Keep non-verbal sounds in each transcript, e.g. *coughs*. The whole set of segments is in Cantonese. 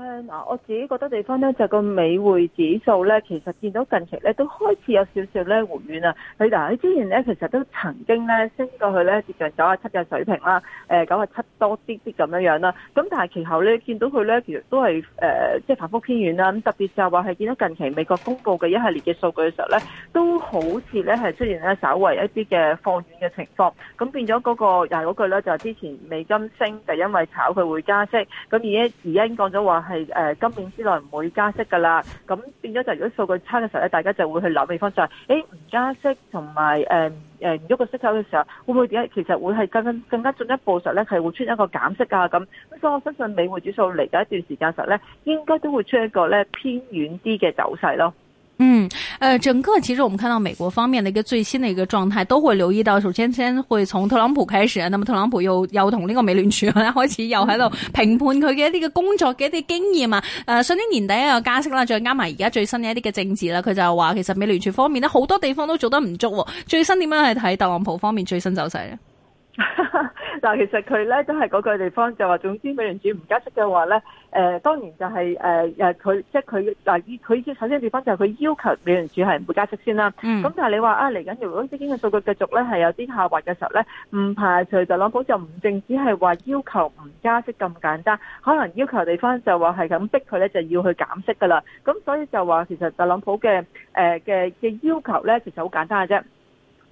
嗱，我自己覺得地方咧就個美匯指數咧，其實見到近期咧都開始有少少咧回暖啊。佢嗱，佢之前咧其實都曾經咧升過去咧接近九啊七嘅水平啦，誒九啊七多啲啲咁樣樣啦。咁但係其後咧見到佢咧，其實都係誒即係反覆偏軟啦。咁特別就話係見到近期美國公布嘅一系列嘅數據嘅時候咧，都。好似咧係出現咧稍為一啲嘅放軟嘅情況，咁變咗嗰、那個又係嗰句咧，就是、之前美金升就是、因為炒佢會加息，咁而而家已經講咗話係誒今年之內唔會加息噶啦，咁變咗就如果數據差嘅時候咧，大家就會去諗嘅方向係誒唔加息同埋誒誒唔喐個息口嘅時候，會唔會點？其實會係更更更加進一步上咧，係會出一個減息啊咁。所以我相信美匯指數嚟緊一段時間實咧，應該都會出一個咧偏遠啲嘅走勢咯。嗯，誒、呃，整個其實我們看到美國方面你的一個最新的一個狀態，都會留意到。首先，先會從特朗普開始，那麼特朗普又又同呢個美聯儲開始又喺度評判佢嘅一啲嘅工作嘅一啲經驗啊，誒、嗯呃，上年年底一個加息啦，再加埋而家最新嘅一啲嘅政治啦，佢就話其實美聯儲方面呢好多地方都做得唔足。最新點樣去睇特朗普方面最新走勢呢？嗱， *laughs* 其實佢咧都係嗰句地方，就話總之美聯儲唔加息嘅話咧，誒、呃、當然就係誒誒佢即係佢嗱，佢首先地方就係佢要求美聯儲係唔會加息先啦。咁、嗯、但係你話啊，嚟緊如果啲經嘅數據繼續咧係有啲下滑嘅時候咧，唔排除特朗普就唔淨只係話要求唔加息咁簡單，可能要求地方就話係咁逼佢咧就要去減息噶啦。咁所以就話其實特朗普嘅誒嘅嘅要求咧，其實好簡單嘅啫。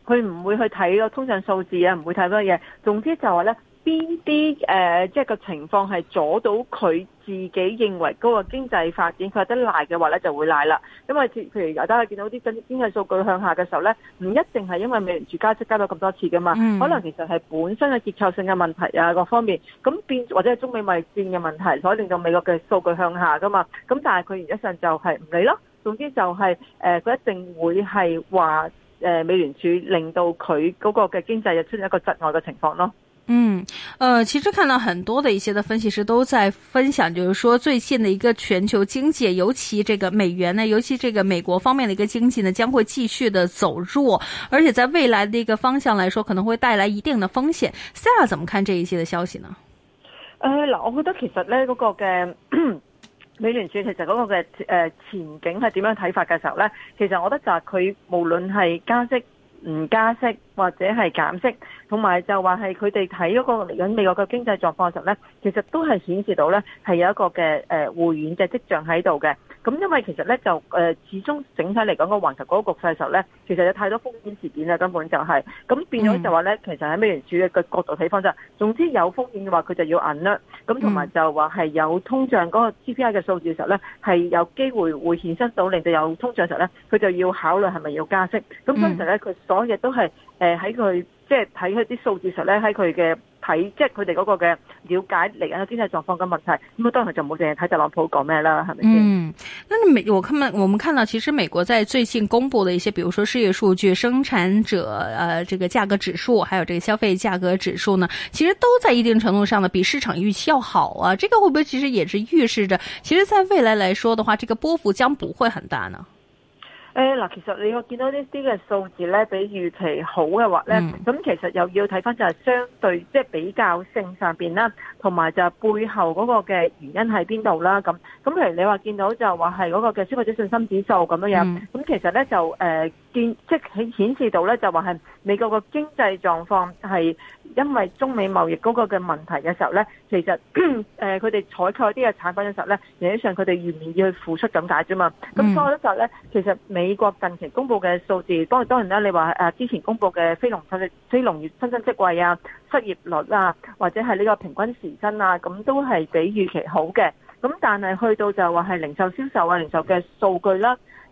佢唔會去睇個通脹數字啊，唔會睇乜嘢。總之就話咧，邊啲誒即係個情況係阻到佢自己認為嗰個經濟發展，佢覺得賴嘅話咧就會賴啦。因為譬如大家佢見到啲新經濟數據向下嘅時候咧，唔一定係因為美聯儲加息加咗咁多次噶嘛，mm. 可能其實係本身嘅結構性嘅問題啊各方面咁變，或者係中美貿易戰嘅問題，所以令到美國嘅數據向下噶嘛。咁但係佢原則上就係唔理咯。總之就係、是、誒，佢、呃、一定會係話。誒，美聯儲令到佢嗰個嘅經濟又出現一個窒礙嘅情況咯。嗯，誒、呃，其實看到很多的一些的分析師都在分享，就是說最近的一個全球經濟，尤其這個美元呢，尤其這個美國方面的一個經濟呢，將會繼續的走弱，而且在未來的一個方向來說，可能會帶來一定的風險。Sarah 怎麼看這一些的消息呢？誒，嗱，我覺得其實呢嗰、那個嘅。美聯儲其實嗰個嘅誒前景係點樣睇法嘅時候呢？其實我覺得就係佢無論係加息、唔加息或者係減息，同埋就話係佢哋睇嗰個嚟緊美國嘅經濟狀況嘅時候呢，其實都係顯示到呢係有一個嘅誒回軟嘅跡象喺度嘅。咁因為其實咧就誒始終整體嚟講個環球嗰個局勢時候咧，其實有太多風險事件啊，根本就係、是、咁變咗就話咧、嗯，其實喺美聯儲嘅角度睇翻就是，總之有風險嘅話佢就要銀啦，咁同埋就話係有通脹嗰個 CPI 嘅數字時候咧，係有機會會顯身到令到有通脹時候咧，佢就要考慮係咪要加息。咁當時咧佢、嗯、所有嘢都係喺佢即係睇佢啲數字時候咧，喺佢嘅。睇即係佢哋嗰個嘅了解嚟緊嘅經濟狀況嘅問題，咁啊當然就冇淨係睇特朗普講咩啦，係咪先？嗯，咁美我今日我們看到，其實美國在最近公布了一些，比如說失業數據、生產者誒這個價格指數，還有這個消費價格指數呢，其實都在一定程度上呢比市場預期要好啊。這個會不會其實也是預示着，其實在未來來說的話，這個波幅將不會很大呢？誒嗱，其實你我見到呢啲嘅數字咧，比預期好嘅話咧，咁、嗯、其實又要睇返就係相對，即、就、係、是、比較性上面啦，同埋就係背後嗰個嘅原因喺邊度啦。咁咁譬如你話見到就話係嗰個嘅消費者信心指數咁樣樣，咁、嗯、其實咧就誒、呃、見即係顯示到咧就話係美國個經濟狀況係。因為中美貿易嗰個嘅問題嘅時候咧，其實誒佢哋採購啲嘅產品嘅時候咧，理論上佢哋願唔願意去付出咁解啫嘛。咁多嘅時候咧，其實美國近期公佈嘅數字，當然當然啦，你話誒、啊、之前公佈嘅非農產嘅非農業新增職位啊、失業率啊，或者係呢個平均時薪啊，咁都係比預期好嘅。咁但係去到就話係零售銷售啊、零售嘅數據啦、啊。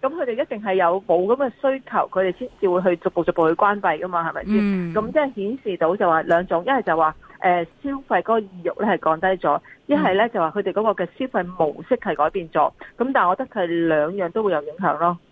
咁佢哋一定係有冇咁嘅需求，佢哋先至會去逐步逐步去關閉噶嘛，係咪先？咁、mm. 即係顯示到就話兩種，一係就話誒、呃、消費嗰個意欲咧係降低咗，一係咧就話佢哋嗰個嘅消費模式係改變咗。咁但係我覺得佢係兩樣都會有影響咯。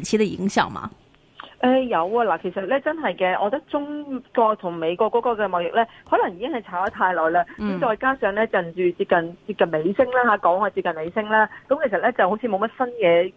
期嘅影響嘛？誒，有啊，嗱，其實咧真係嘅，我覺得中國同美國嗰個嘅貿易咧，可能已經係炒咗太耐啦。咁再加上咧，近住接近接近尾聲啦吓，講話接近尾聲啦。咁其實咧就好似冇乜新嘢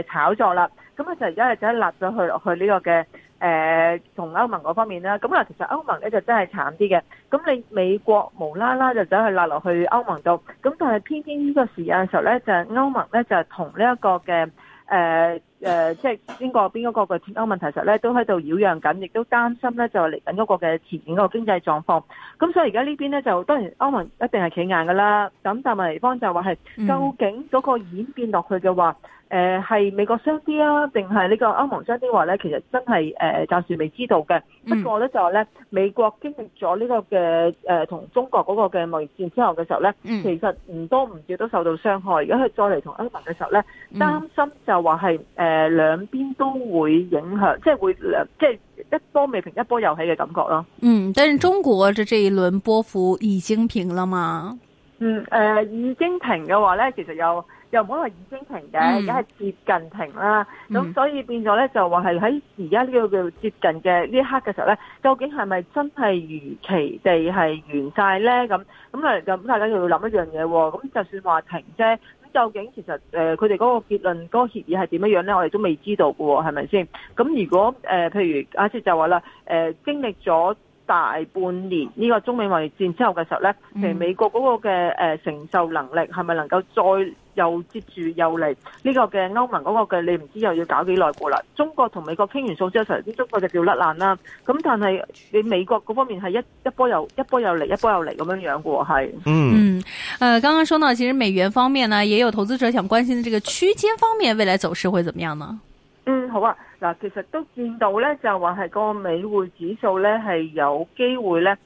誒炒作啦。咁啊，就而家係走喺立咗去落去呢個嘅誒同歐盟嗰方面啦。咁啊其實歐盟咧就真係慘啲嘅。咁你美國無啦啦就走去立落去歐盟度，咁但係偏偏呢個時間嘅時候咧，就係歐盟咧就係同呢一個嘅誒。誒、呃，即係邊個邊嗰個嘅脫歐問題，其實呢都喺度擾攘緊，亦都擔心呢就嚟緊嗰個嘅前景個經濟狀況。咁所以而家呢邊呢，就當然歐盟一定係企硬㗎啦。咁但係另一方就話係、嗯、究竟嗰個演變落去嘅話，係、呃、美國傷啲啊，定係呢個歐盟傷啲？話呢？其實真係誒、呃、暫時未知道嘅。不過呢，嗯、就話呢美國經歷咗呢個嘅同、呃、中國嗰個嘅貿易戰之後嘅時候咧、嗯，其實唔多唔少都受到傷害。如果佢再嚟同歐盟嘅時候咧，擔心就話係誒、呃，兩邊都會影響，即係會即係一波未平一波又起嘅感覺咯。嗯，但係中國嘅這一輪波幅已經平啦嘛。嗯，誒、呃，已經停嘅話咧，其實又又唔好話已經停嘅，而家係接近停啦。咁、嗯嗯、所以變咗咧，就話係喺而家呢個叫接近嘅呢一刻嘅時候咧，究竟係咪真係如期地係完晒咧？咁咁嚟咁，大家又要諗一樣嘢喎。咁就算話停啫。究竟其實誒，佢哋嗰個結論嗰、個協議係點樣樣咧？我哋都未知道嘅喎，係咪先？咁如果誒，譬如，假設就話啦，誒經歷咗。大半年呢、這個中美貿易戰之後嘅時候呢，其實美國嗰個嘅誒、呃、承受能力係咪能夠再又接住又嚟呢、這個嘅歐盟嗰個嘅，你唔知又要搞幾耐過啦。中國同美國傾完數之後齊，啲中國就叫掉甩爛啦。咁但係你美國嗰方面係一一波又一波又嚟，一波又嚟咁樣的樣嘅係。嗯，誒、嗯，剛、呃、剛說到，其實美元方面呢，也有投資者想關心嘅，這個區間方面未來走勢會怎麼樣呢？嗯，好啊。嗱，其實都見到咧，就話係個美匯指數咧，係有機會咧，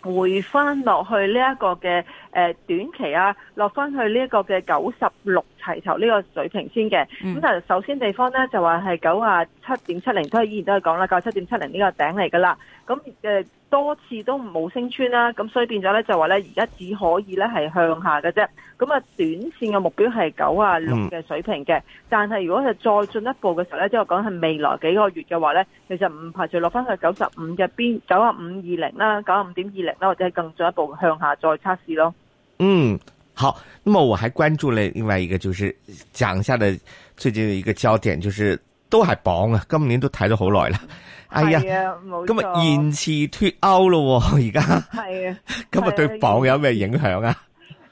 回翻落去呢一個嘅。誒短期啊，落翻去呢一個嘅九十六齊頭呢個水平先嘅。咁但係首先地方咧就話係九十七點七零，都係依然都係講啦，九十七點七零呢個頂嚟噶啦。咁誒多次都冇升穿啦，咁所以變咗咧就話咧而家只可以咧係向下嘅啫。咁啊，短線嘅目標係九十六嘅水平嘅。但係如果係再進一步嘅時候咧，即係我講係未來幾個月嘅話咧，其實唔排除落翻去九十五嗰邊，九十五二零啦，九十五點二零啦，或者係更進一步向下再測試咯。嗯，好。那麼我還關注了另外一個，就是講下的最近的一個焦點，就是都係鎊啊，今年都睇咗好耐啦，哎呀咁啊延遲脫歐咯，而家，係啊，咁啊根本對鎊有咩影響啊？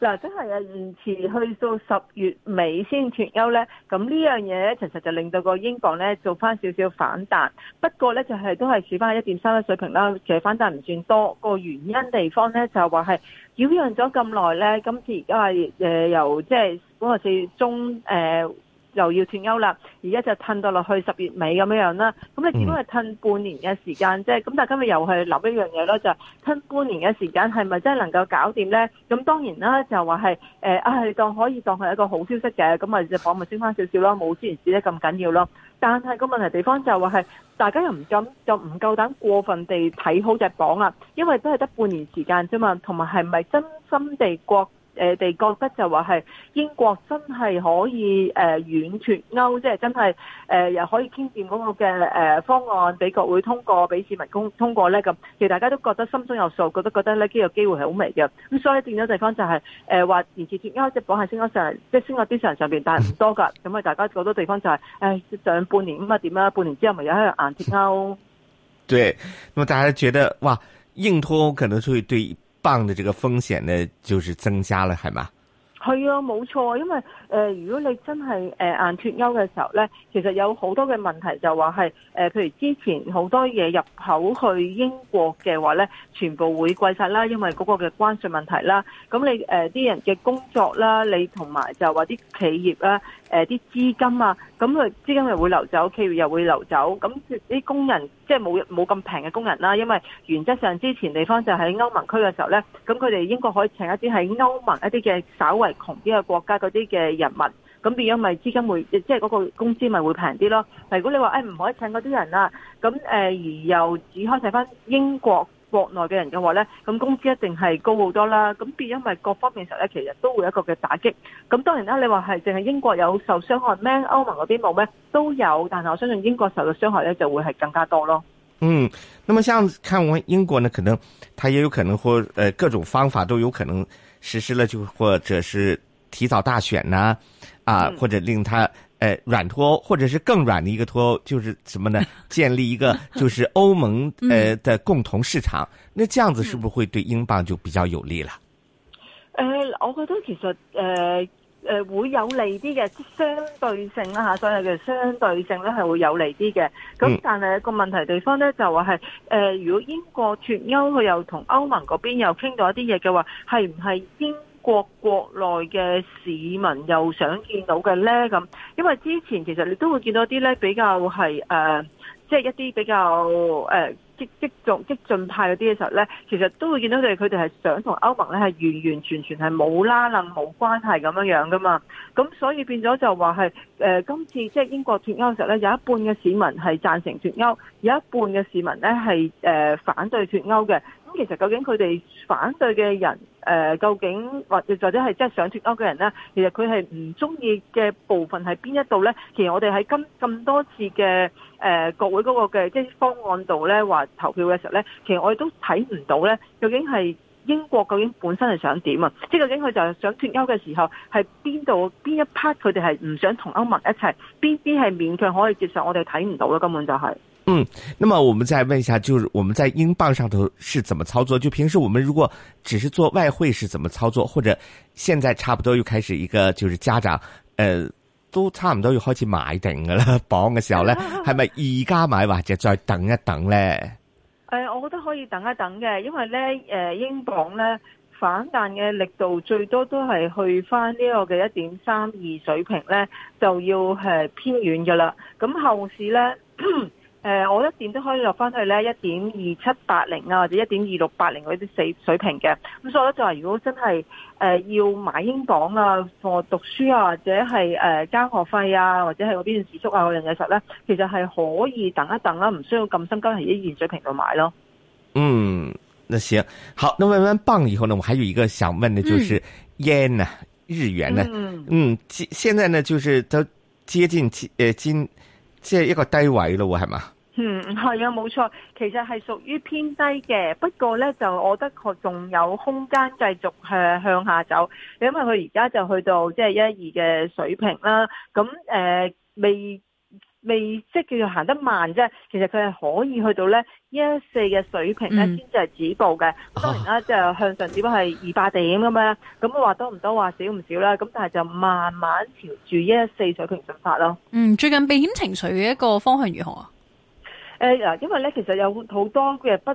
嗱，真係啊，延遲去到十月尾先脫歐呢。咁呢樣嘢咧，其實就令到個英鎊呢做翻少少反彈。不過呢，就係、是、都係處翻一點三嘅水平啦，其實反彈唔算多。個原因地方呢就話係擾攘咗咁耐呢。今次而家係誒由即係嗰個四月中誒。呃又要斷鈎啦，而家就褪到落去十月尾咁樣啦。咁你只不過褪半年嘅時間啫。咁、嗯、但今日又去留一樣嘢咯，就褪半年嘅時間係咪真係能夠搞掂咧？咁當然啦，就話係誒啊，係、呃、當可以當係一個好消息嘅，咁咪隻榜咪升翻少少咯，冇之前市得咁緊要咯。但係個問題地方就話、是、係大家又唔敢，就唔夠膽過分地睇好隻榜啦，因為都係得半年時間啫嘛，同埋係咪真心地國？誒、呃，你哋覺得就話係英國真係可以誒軟脱歐，即係真係誒、呃、又可以傾掂嗰個嘅、呃、方案畀國會通過，畀市民通過呢。咁。其實大家都覺得心中有數，覺得覺得咧呢個機會係好微嘅。咁所以變咗地方就係、是、誒、呃、話延遲脱歐隻波係升咗上，即係升咗啲上上面，但係唔多㗎。咁啊，大家覺得地方就係、是哎、上半年咁點啦，半年之後咪又喺度硬脫歐、哦。 *laughs* 對，咁大家覺得哇，硬脱可能就會對？幫嘅這個風險呢，就是增加了，係嘛？係啊，冇錯，因為誒、呃，如果你真係誒硬脫歐嘅時候呢，其實有好多嘅問題就話係誒，譬如之前好多嘢入口去英國嘅話呢，全部會貴晒啦，因為嗰個嘅關稅問題啦，咁你誒啲、呃、人嘅工作啦，你同埋就話啲企業啦。誒啲資金啊，咁佢資金又會流走，企業又會流走，咁啲工人即係冇冇咁平嘅工人啦、啊。因為原則上之前地方就喺歐盟區嘅時候呢，咁佢哋英國可以請一啲喺歐盟一啲嘅稍為窮啲嘅國家嗰啲嘅人民，咁變咗咪資金會即係嗰個工資咪會平啲咯。但如果你話誒唔可以請嗰啲人啦、啊，咁、呃、而又只可以請翻英國。國內嘅人嘅話咧，咁工資一定係高好多啦。咁變因為各方面嘅時候咧，其實都會一個嘅打擊。咁當然啦，你話係淨係英國有受傷害，嘛歐盟嗰邊冇咩都有，但係我相信英國受嘅傷害咧就會係更加多咯。嗯，那麼像看完英國呢，可能他也有可能或誒、呃、各種方法都有可能實施了，就或者是提早大選啦、啊，啊、嗯，或者令他。誒、呃，軟脱歐或者是更軟的一個脱歐，就是什麼呢？建立一個就是歐盟誒、 *laughs* 呃、的共同市場，那這樣子是不是會對英鎊就比較有利啦？誒、呃，我覺得其實誒誒、呃呃、會有利啲嘅，相對性啦吓，所有嘅相對性咧係會有利啲嘅。咁但係個問題地方咧就話係誒，如果英國脱歐，佢又同歐盟嗰邊又傾到一啲嘢嘅話，係唔係英？國國內嘅市民又想見到嘅呢，咁，因為之前其實你都會見到啲呢比較係誒，即、呃、係、就是、一啲比較誒、呃、激激進激進派嗰啲嘅時候呢，其實都會見到佢哋佢哋係想同歐盟呢係完完全全係冇拉冧冇關係咁樣樣噶嘛，咁所以變咗就話係誒今次即係英國脱歐嘅時候呢，有一半嘅市民係贊成脱歐，有一半嘅市民呢係、呃、反對脱歐嘅，咁其實究竟佢哋反對嘅人？誒、呃，究竟或或者係即係想脱歐嘅人呢？其實佢係唔中意嘅部分係邊一度呢？其實我哋喺今咁多次嘅誒、呃、國會嗰個嘅即係方案度咧，話投票嘅時候呢，其實我哋都睇唔到呢。究竟係英國，究竟本身係想點啊？即係究竟佢就係想脱歐嘅時候係邊度邊一 part 佢哋係唔想同歐盟一齊，邊啲係勉強可以接受，我哋睇唔到啦，根本就係。嗯，那麼我們再問一下，就是我們在英鎊上頭是怎麼操作？就平時我們如果只是做外匯是怎麼操作？或者現在差不多又開始一個，就是家長誒、呃，都差唔多要開始買定噶啦，磅嘅時候咧，係咪而家買或者再等一等咧？誒、啊，我覺得可以等一等嘅，因為咧，誒、呃，英鎊咧反彈嘅力度最多都係去返呢個嘅一點三二水平咧，就要係偏遠噶啦。咁後市咧。 *coughs* 誒、呃，我一點都可以落翻去咧一點二七八零啊，或者一點二六八零嗰啲水水平嘅。咁所以咧就係如果真係誒、呃、要買英鎊啊，同或讀書啊，或者係誒交學費啊，或者喺嗰邊住宿啊嗰樣嘢實咧，其實係可以等一等啦、啊，唔需要咁心急喺呢個水平度買咯。嗯，那行，好，那問完磅以後呢，我還有一個想問嘅就是、嗯、yen 啊，日元啊，嗯，今、嗯、現在呢，就是都接近誒、呃、今。即係一個低位咯喎，係嘛？嗯，係啊，冇錯，其實係屬於偏低嘅。不過呢，就我覺得佢仲有空間繼續向下走。因為佢而家就去到即係一二嘅水平啦。咁誒、呃、未。未即叫做行得慢啫，其實佢係可以去到咧一四嘅水平咧，先至係止步嘅、嗯。當然啦，即係、啊、向上止步係二百點咁樣，咁我話多唔多話少唔少啦。咁但係就慢慢朝住一四水平進發咯。嗯，最近避險情緒嘅一個方向如何啊？嗱、呃，因為咧其實有好多嘅不。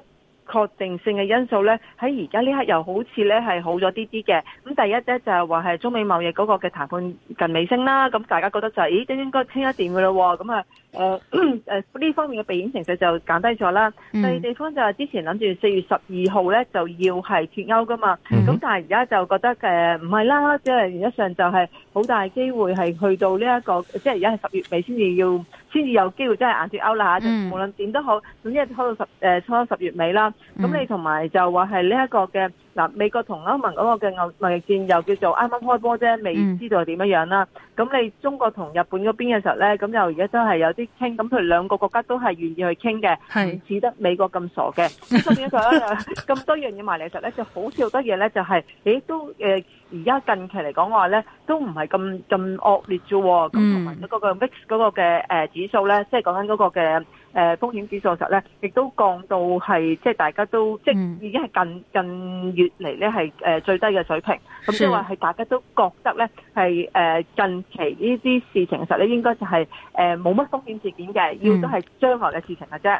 確定性嘅因素咧，喺而家呢刻又好似咧係好咗啲啲嘅。咁第一咧就係話係中美貿易嗰個嘅談判近尾聲啦。咁大家覺得就係咦，應唔應該傾一點嘅咯？咁、呃、啊，誒誒呢方面嘅避險情緒就減低咗啦。第、嗯、二地方就係之前諗住四月十二號咧就要係脫歐噶嘛。咁、嗯、但係而家就覺得誒唔係啦，即係原則上就係、是。好大機會係去到呢一個，即係而家係十月尾先至要，先至有機會真係硬脫歐啦嚇。無論點都好，總之係拖到十誒，拖到十月尾啦。咁你同埋就話係呢一個嘅嗱，美國同歐盟嗰個嘅貿貿易戰又叫做啱啱開波啫，未知道係點樣樣啦。咁你中國同日本嗰邊嘅時候咧，咁又而家都係有啲傾，咁佢兩個國家都係願意去傾嘅，唔似得美國咁傻嘅。咁樣就咁多樣嘢埋嚟，嘅時候咧就好似好多嘢咧，就係誒都誒。而家近期嚟講話咧，都唔係咁咁惡劣啫。咁同埋嗰個 VIX 嗰個嘅誒指數咧，即係講緊嗰個嘅誒風險指數實咧，亦都降到係即係大家都即係、即係、已經係近、嗯、近,近月嚟咧係誒最低嘅水平。咁即係話係大家都覺得咧係誒近期呢啲事情實咧應該就係誒冇乜風險事件嘅、嗯，要都係將來嘅事情嘅啫。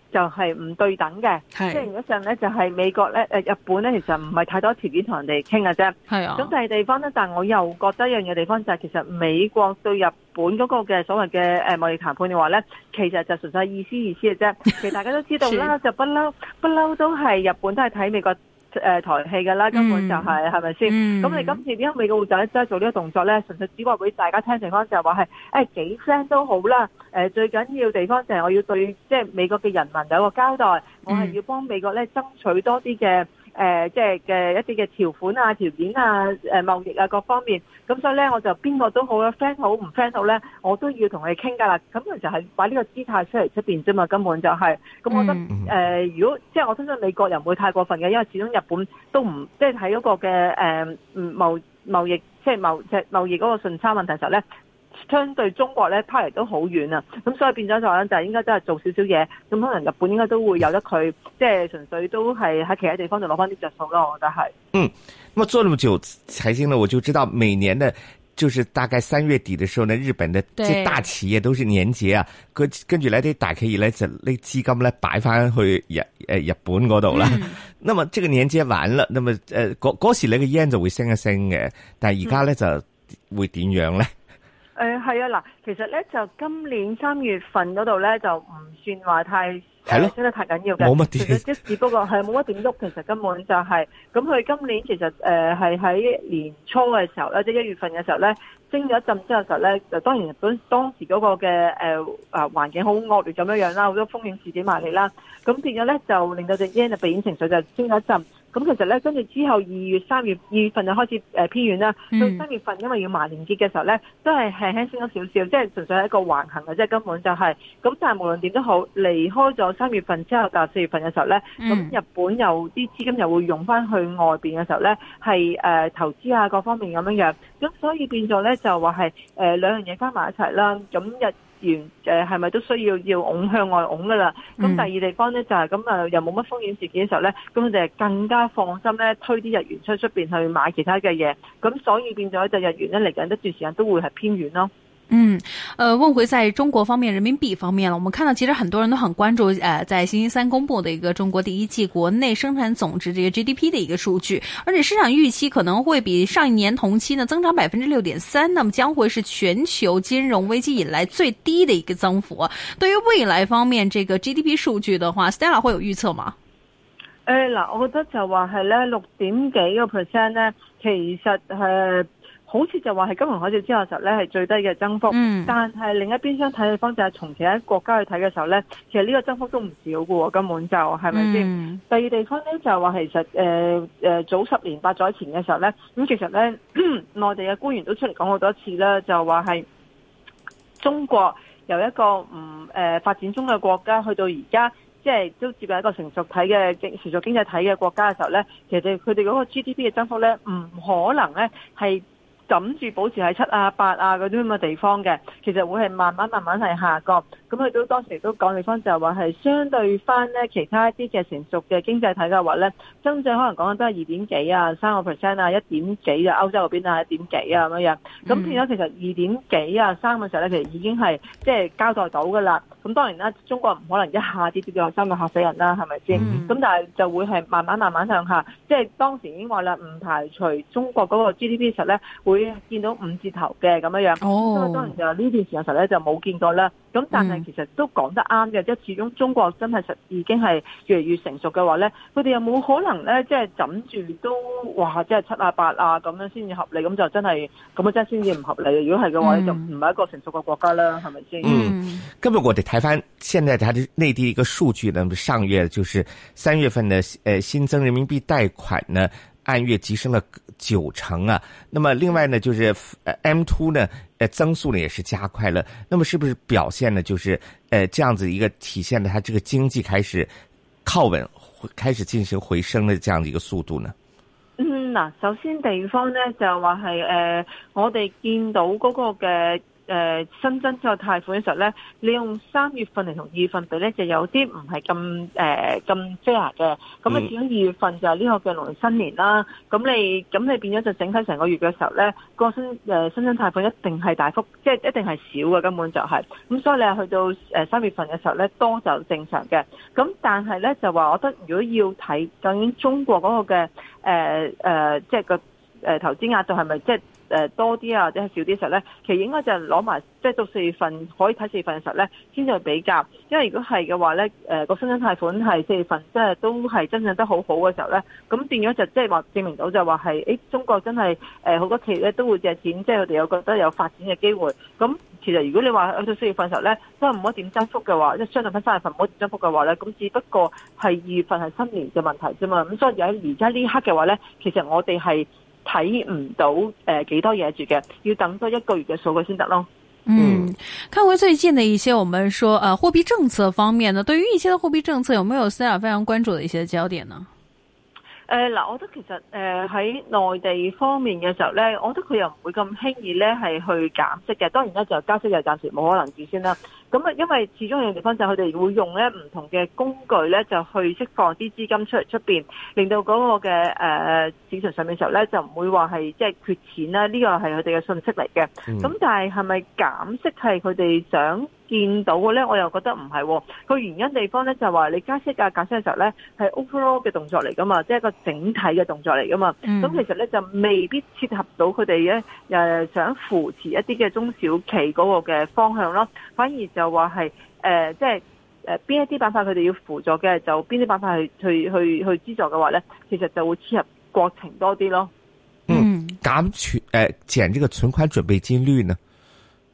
就係、是、唔對等嘅，即係嗰陣咧就係、是、美國咧誒日本咧其實唔係太多條件同人哋傾嘅啫，係啊，咁第二地方咧，但我又覺得一樣嘢地方就係、是、其實美國對日本嗰個嘅所謂嘅誒貿易談判嘅話咧，其實就純粹意思意思嘅啫，其實大家都知道啦， *laughs* 就不嬲不嬲都係日本都係睇美國。誒、呃、台戲嘅啦，根本就係係咪先？咁、嗯嗯、你今次點解美國會就咧做呢個動作咧？純粹只話俾大家聽情況就係話係，幾聲都好啦、呃。最緊要地方就係我要對即係美國嘅人民有個交代，我係要幫美國咧爭取多啲嘅、呃、即係嘅一啲嘅條款啊、條件啊、貿、呃、易啊各方面。咁所以咧，我就邊個都好啦 friend 好唔 friend 好咧，我都要同佢傾噶啦。咁佢就係擺呢個姿態出嚟出面啫嘛，根本就係、是。咁我覺得、嗯呃、如果即係我相信美國人唔會太過分嘅，因為始終日本都唔即係喺嗰個嘅誒嗯貿易即係貿貿貿易嗰個順差問題時候咧。相對中國咧，拋嚟都好遠啊。咁所以變咗就係，就係應該都係做少少嘢。咁可能日本應該都會有得佢，即係純粹都係喺其他地方就攞翻啲着數咯。我覺得係。嗯，咁啊做咁久財經呢，我就知道每年呢，就是大概三月底嘅時候呢，日本嘅啲大企業都是年結啊。佢跟住呢啲大企業咧就啲資金咧擺翻去日誒日本嗰度啦。咁啊，這個年結完啦，咁麼誒嗰嗰時你個煙就會升一升嘅。但係而家咧就會點樣咧？誒、呃，係啊，嗱，其實咧就今年三月份嗰度咧就唔算話太係咯，升得、呃、太緊要嘅，冇乜跌，只只不過係冇乜點喐。其實根本就係、係，咁佢今年其實誒係喺年初嘅時候咧，即係一月份嘅時候咧，升咗一陣，之後時候咧，就當然本當時嗰個嘅誒環境好惡劣咁樣樣啦，好多風險事件埋嚟啦，咁變咗咧就令到隻 yen 嘅避險情緒就升咗一陣。咁其實咧，跟住之後二月、三月、二月份就開始、呃、偏軟啦、嗯。到三月份，因為要埋年結嘅時候咧，都係輕輕升咗少少，即、就、係、是、純粹係一個橫行嘅，即係根本就係、是。咁但係無論點都好，離開咗三月份之後到四月份嘅時候咧，咁、嗯、日本有啲資金又會用翻去外邊嘅時候咧，係誒、呃、投資啊各方面咁樣樣。咁所以變咗咧就話係誒兩樣嘢加埋一齊啦。咁日元誒係咪都需要要拱向外拱嘅啦？咁第二地方咧就係咁啊，又冇乜風險事件嘅時候咧，咁我哋更加放心咧，推啲日元出出面去買其他嘅嘢，咁所以變咗就日元咧嚟緊呢段時間都會係偏軟咯。嗯，呃，問回在中國方面，人民幣方面了，我們看到其實很多人都很關注，呃，在星期三公布的一個中國第一季國內生產總值這個 GDP 的一個數據，而且市場預期可能會比上一年同期呢增長百分之六點三，那麼將會是全球金融危機以來最低的一個增幅。對於未來方面這個 GDP 數據的話，Stella 會有預測嗎？呃，嗱，我覺得就話係呢，六點幾個 percent 呢，其實係。好似就話係金融海嘯之後嘅時候咧，係最低嘅增幅。嗯、但係另一邊廂睇嘅方就係從其他國家去睇嘅時候咧，其實呢個增幅都唔少㗎喎。根本就係咪先？第二地方咧就係話其實、呃、早十年八載前嘅時候咧，咁其實咧內地嘅官員都出嚟講好多次啦，就話係中國由一個唔、呃、發展中嘅國家去到而家，即係都接近一個成熟體嘅經成熟經濟體嘅國家嘅時候咧，其實佢哋嗰個 GDP 嘅增幅咧唔可能咧係。諗住保持喺七啊八啊嗰啲咁嘅地方嘅，其實會係慢慢慢慢係下降。咁佢都當時都講地方就係話係相對翻咧其他一啲嘅成熟嘅經濟體嘅話咧，增長可能講緊都係二點幾啊三個 percent 啊一點幾啊歐洲嗰邊啊一點幾啊咁樣樣。咁變咗其實二點幾啊三個時候咧，其實已經係即係交代到㗎啦。咁當然啦，中國唔可能一下跌跌到三個嚇死人啦，係咪先？咁、嗯、但係就會係慢慢慢慢向下。即係當時已經話啦，唔排除中國嗰個 GDP 實咧會見到五字頭嘅咁樣樣。哦，咁當然就係呢段時間實咧就冇見到啦。咁但係其實都講得啱嘅，即、嗯、係始終中國真係已經係越嚟越成熟嘅話咧，佢哋又冇可能咧即係枕住都哇即係七啊八啊咁樣先至合理，咁就真係咁啊真先至唔合理。如果係嘅話，就唔係一個成熟嘅國家啦，係咪先？今日我哋。嗯嗯嗯台灣現在它的內地一個數據呢，上月就是三月份的，呃，新增人民幣貸款呢，按月急升了九成啊。那麼另外呢，就是 M two 呢，呃，增速呢也是加快了。那麼是不是表現呢，就是呃這樣子一個體現了它這個經濟開始靠穩，開始進行回升的這樣的一個速度呢？嗯，嗱，首先地方呢就話係，誒、呃，我哋見到嗰個嘅。誒、呃、新增這個貸款嘅時候咧，你用三月份嚟同二月份比咧，就有啲唔係咁誒咁 fair 嘅。咁啊，至於二月份就呢個嘅農曆新年啦？咁你咁你變咗就整體成個月嘅時候咧，那個新誒、呃、新增貸款一定係大幅，即係一定係少嘅根本就係、是。咁所以你去到三月份嘅時候咧，多就正常嘅。咁但係咧就話，我覺得如果要睇究竟中國嗰個嘅誒、呃呃、即係個、呃、投資額度係咪即係誒多啲啊，或者係少啲時候咧，其實應該就係攞埋，即係到四月份可以睇四月份嘅時候咧，先至去比較。因為如果係嘅話咧，誒個新增貸款係四月份，即係都係真正得好好嘅時候咧，咁變咗就即係話證明到就話係，誒中國真係誒好多企業咧都會借錢，即係佢哋有覺得有發展嘅機會。咁其實如果你話喺到四月份嘅時候咧，真係唔好點增幅嘅話，即係相對返三月份唔好點增幅嘅話咧，咁只不過係二月份係新年嘅問題啫嘛。咁所以有而家呢刻嘅話咧，其實我哋係。睇唔到誒，幾、呃、多嘢住嘅，要等多一個月嘅數據先得咯。嗯，看回最近的一些，我們說誒貨幣政策方面呢，對於一些的貨幣政策，有沒有私下非常關注的一些焦點呢？誒、呃、嗱，我覺得其實誒喺內地方面嘅時候咧，我覺得佢又唔會咁輕易咧係去減息嘅，當然啦，就加息就暫時冇可能住先啦。咁啊，因為始終有地方就佢哋會用咧唔同嘅工具咧，就去釋放啲資金出嚟出邊，令到嗰、那個嘅誒、呃、市場上面嘅時候咧，就唔會話係即係缺錢啦。呢、這個係佢哋嘅訊息嚟嘅。咁、嗯、但係係咪減息係佢哋想見到嘅咧？我又覺得唔係、哦。個原因地方咧就係話你加息啊、減息嘅時候咧，係 overall 嘅動作嚟噶嘛，即、就、係、是、一個整體嘅動作嚟噶嘛。咁、嗯、其實咧就未必切合到佢哋咧想扶持一啲嘅中小企嗰個嘅方向咯，反而就。就話係誒，即係誒，邊、呃、一啲辦法佢哋要輔助嘅，就邊啲辦法去去去去資助嘅話咧，其實就會切入過程多啲咯。嗯，減存誒，減呢個存款準備金率呢？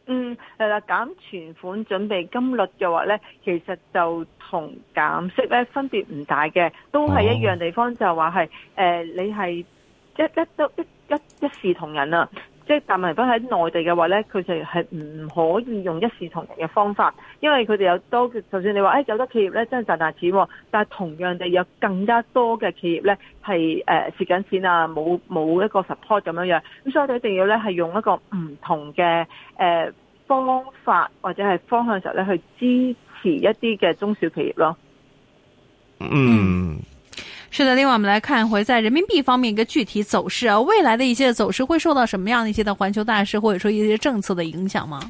嗯，係啦，減存款準備金率嘅話咧，其實就同減息咧分別唔大嘅，都係一樣地方就話係誒，你係一一都一一一視同仁啊。即係大物品喺內地嘅話咧，佢哋係唔可以用一視同仁嘅方法，因為佢哋有多，就算你話、哎、有多企業咧真係賺大錢，但同樣地有更加多嘅企業咧係誒蝕緊錢啊，冇冇一個 support 咁樣樣，咁所以我哋一定要咧係用一個唔同嘅誒、呃、方法或者係方向上咧去支持一啲嘅中小企業咯。嗯。是的，另外我們來看一回在人民幣方面一個具體走勢啊，未來的一些走勢會受到什麼樣的一些的環球大事或者說一些政策的影響嗎？誒、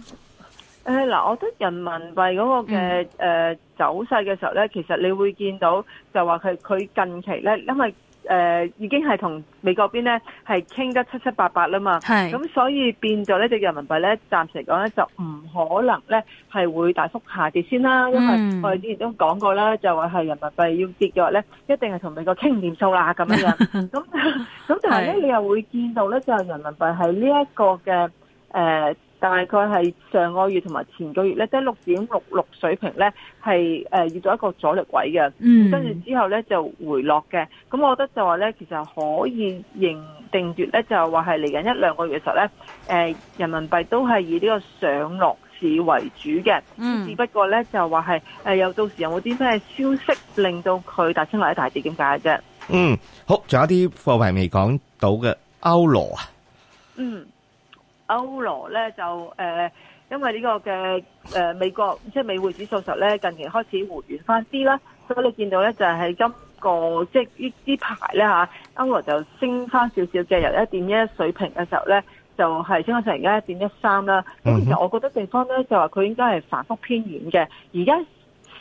嗯、嗱，我覺得人民幣嗰個嘅誒走勢嘅時候咧，其實你會見到就話佢佢近期咧，因為。誒、呃、已經係同美國邊咧係傾得七七八八啦嘛，咁所以變咗呢隻人民幣咧，暫時嚟講咧就唔可能咧係會大幅下跌先啦，嗯、因為我哋之前都講過啦，就話係人民幣要跌嘅話咧，一定係同美國傾唔掂數啦咁樣。 *laughs* 樣。咁咁但係咧，你又會見到咧，就係人民幣係呢一個嘅誒。呃大概係上個月同埋前個月咧，即係六點六六水平咧，係誒遇到一個阻力位嘅，跟住之後咧就回落嘅。咁我覺得就話咧，其實可以認定住咧，就話係嚟緊一兩個月嘅時候咧，誒人民幣都係以呢個上落市為主嘅。嗯，只不過咧就話係誒又到時有冇啲咩消息令到佢大升或大跌，點解嘅啫？嗯，好，仲有啲貨幣未講到嘅歐羅啊，嗯。歐羅咧就誒、呃，因為呢、這個嘅、呃、美國即係美匯指數實咧近期開始回軟翻啲啦，所以你見到咧就係喺今個即係、就是、呢排咧嚇歐羅就升翻少少嘅，由一點一水平嘅時候咧就係、是、升返成而家一點一三啦。咁其實我覺得地方咧就話佢應該係反覆偏軟嘅，而家。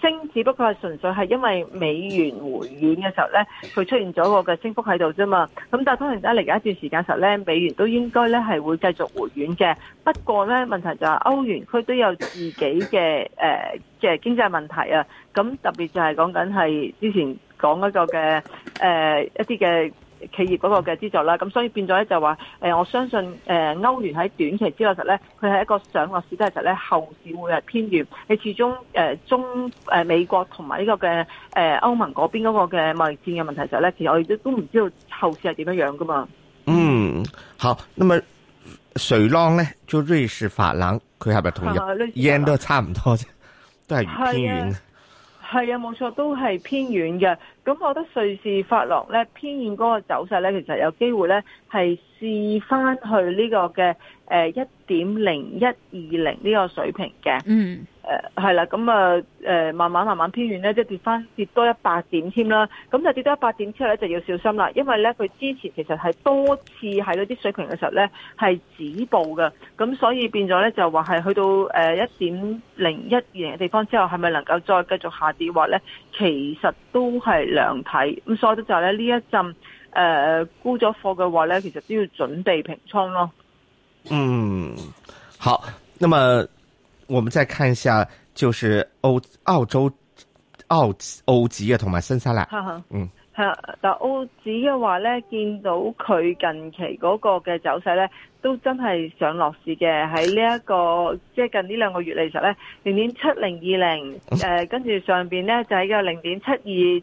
升只不過係純粹係因為美元回軟嘅時候呢，佢出現咗個嘅升幅喺度啫嘛。咁但係突然間嚟緊一段時間時候呢，美元都應該咧係會繼續回軟嘅。不過呢問題就係歐元區都有自己嘅、呃、經濟問題啊。咁特別就係講緊係之前講的一個嘅誒、呃、一啲嘅。企業嗰個嘅資助啦，咁所以變咗咧就話，誒、呃，我相信，誒、呃，歐元喺短期之內實咧，佢係一個上落市都係實咧，後市會係偏軟。你始終，誒、呃，中，誒、呃，美國同埋呢個嘅，誒、呃，歐盟嗰邊個嘅貿易戰嘅問題就咧，其實我哋都都唔知道後市係點樣樣噶嘛。嗯，好，咁啊，瑞郎咧就瑞士法郎，佢係咪同樣？啊，瑞元都差唔多啫，都係偏軟。係啊，冇錯，都係偏軟嘅。咁我覺得瑞士法郎咧偏遠嗰個走勢咧，其實有機會咧係試翻去呢個嘅誒一點零一二零呢個水平嘅。嗯、mm. 呃。係啦，咁、呃、啊慢慢慢慢偏遠咧，即係跌翻跌多一百點添啦。咁就跌多一百點之後咧，就要小心啦，因為咧佢之前其實係多次喺嗰啲水平嘅時候咧係止步嘅。咁所以變咗咧就話係去到誒一點零一二零嘅地方之後，係咪能夠再繼續下跌話咧？其實都係。量體，咁所以咧就係咧呢一陣誒、呃、沽咗貨嘅話咧，其實都要準備平倉咯。嗯，好。那麼我們再看一下，就是澳澳洲澳澳指嘅同埋新西蘭。好，嗯，但澳指嘅話咧，見到佢近期嗰個嘅走勢咧。都真係上落市嘅喺呢一個即係近呢兩個月嚟實咧，零點七零二零誒，跟住上邊咧就喺個零點七二七零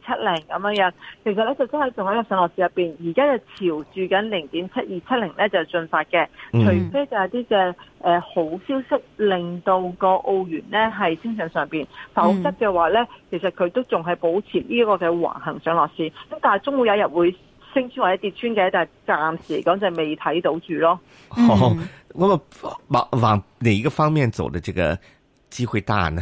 咁樣樣。其實咧就真係仲喺一個上落市入邊，而家就朝住緊零點七二七零咧就進發嘅。除非就係啲嘅誒好消息令到個澳元咧係升上上邊，否則嘅話咧其實佢都仲係保持呢個嘅橫行上落市。咁但係終會有一日會。升穿或者跌穿嘅，但係暫時嚟講就未睇到住咯、嗯。哦，我話往往哪一個方面走的，這個機會大呢？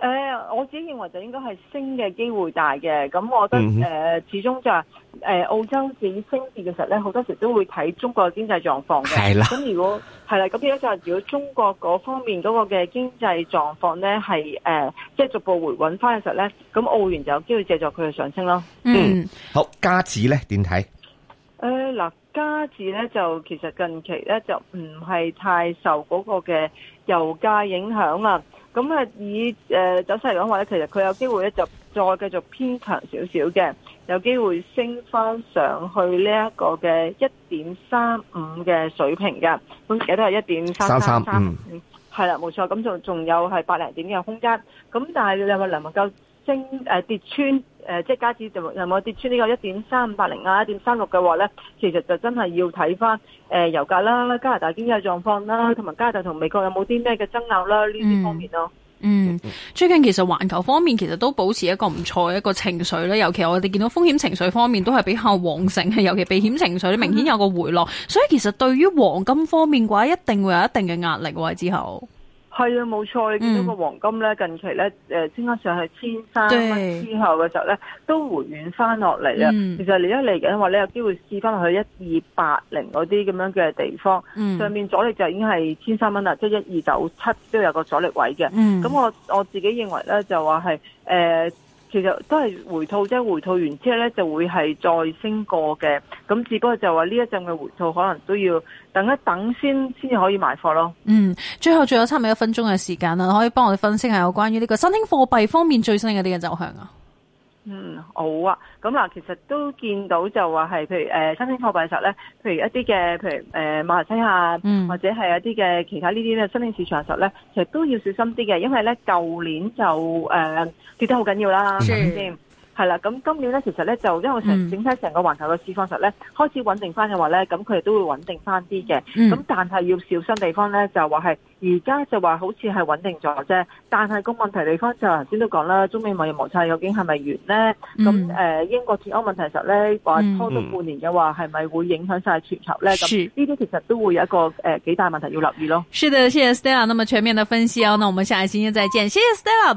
誒、呃，我自己認為就應該係升嘅機會大嘅，咁我覺得誒、嗯呃，始終就係、是、誒、呃，澳洲市升跌嘅時候咧，好多時都會睇中國嘅經濟狀況嘅。係啦，咁如果係啦，咁變咗就係如果中國嗰方面嗰個嘅經濟狀況咧，係誒，即係逐步回穩翻嘅時候咧，咁澳元就有機會借助佢嘅上升咯。嗯，嗯，好，加字咧點睇？誒，嗱、呃，加字咧就其實近期咧就唔係太受嗰個嘅油價影響啊。咁啊，以誒，走勢嚟講話咧，其實佢有機會咧就再繼續偏強少少嘅，有機會升翻上去呢一個嘅一點三五嘅水平嘅，其實都係一點三三三，嗯，係啦，冇錯，咁仲仲有係百零點嘅空間，咁但係你話能夠？升跌穿誒，即係加至就有冇跌穿呢個一點三五八零啊，一點三六嘅話咧，其實就真係要睇翻油價啦、加拿大經濟狀況啦，同埋加拿大同美國有冇啲咩嘅爭拗啦，呢啲方面咯。嗯，最近其實環球方面其實都保持一個唔錯嘅一個情緒咧，尤其我哋見到風險情緒方面都係比較旺盛，尤其避險情緒明顯有個回落，所以其實對於黃金方面嘅話，一定會有一定嘅壓力喎之後。係啊，冇錯嘅。你見到個黃金咧，嗯，近期咧，誒、呃，升得上去千三蚊之後嘅時候咧，都回軟翻落嚟啊。其實你一嚟緊話你有機會試翻去一二八零嗰啲咁樣嘅地方，嗯，上面阻力就已經係千三蚊啦，即係一二九七都有個阻力位嘅。咁、嗯、我我自己認為咧，就話係誒。呃其實都係回吐，即係回吐完之後呢就會係再升過嘅。咁只不過就話呢一陣嘅回吐可能都要等一等先，先可以買貨咯。嗯，最後仲有差唔多一分鐘嘅時間啦，可以幫我哋分析下有關於呢個新興貨幣方面最新嗰啲嘅走向啊？嗯，好啊，咁、嗯、嗱，其實都見到就話係，譬如誒、呃、新興貨幣嘅時候咧，譬如一啲嘅，譬如誒、呃、馬來西亞，嗯，或者係一啲嘅其他呢啲嘅新興市場嘅時候咧，其實都要小心啲嘅，因為咧舊年就誒、呃、跌得好緊要啦，係咪先？係啦，咁今年咧，其實咧就因為整體成個環球嘅市況實咧開始穩定翻嘅話咧，咁佢哋都會穩定翻啲嘅。咁、嗯、但係要小心地方咧，就話係而家就話好似係穩定咗啫，但係個問題地方就頭先都講啦，中美貿易摩擦究竟係咪完咧？咁、嗯、誒、呃、英國脱歐問題時候咧，話拖多半年嘅話係咪會影響晒全球咧？咁呢啲其實都會有一個誒幾、呃、大問題要留意咯。是的，謝謝 Stella，那麼全面嘅分析哦，那我們下期節目再見，謝謝 Stella。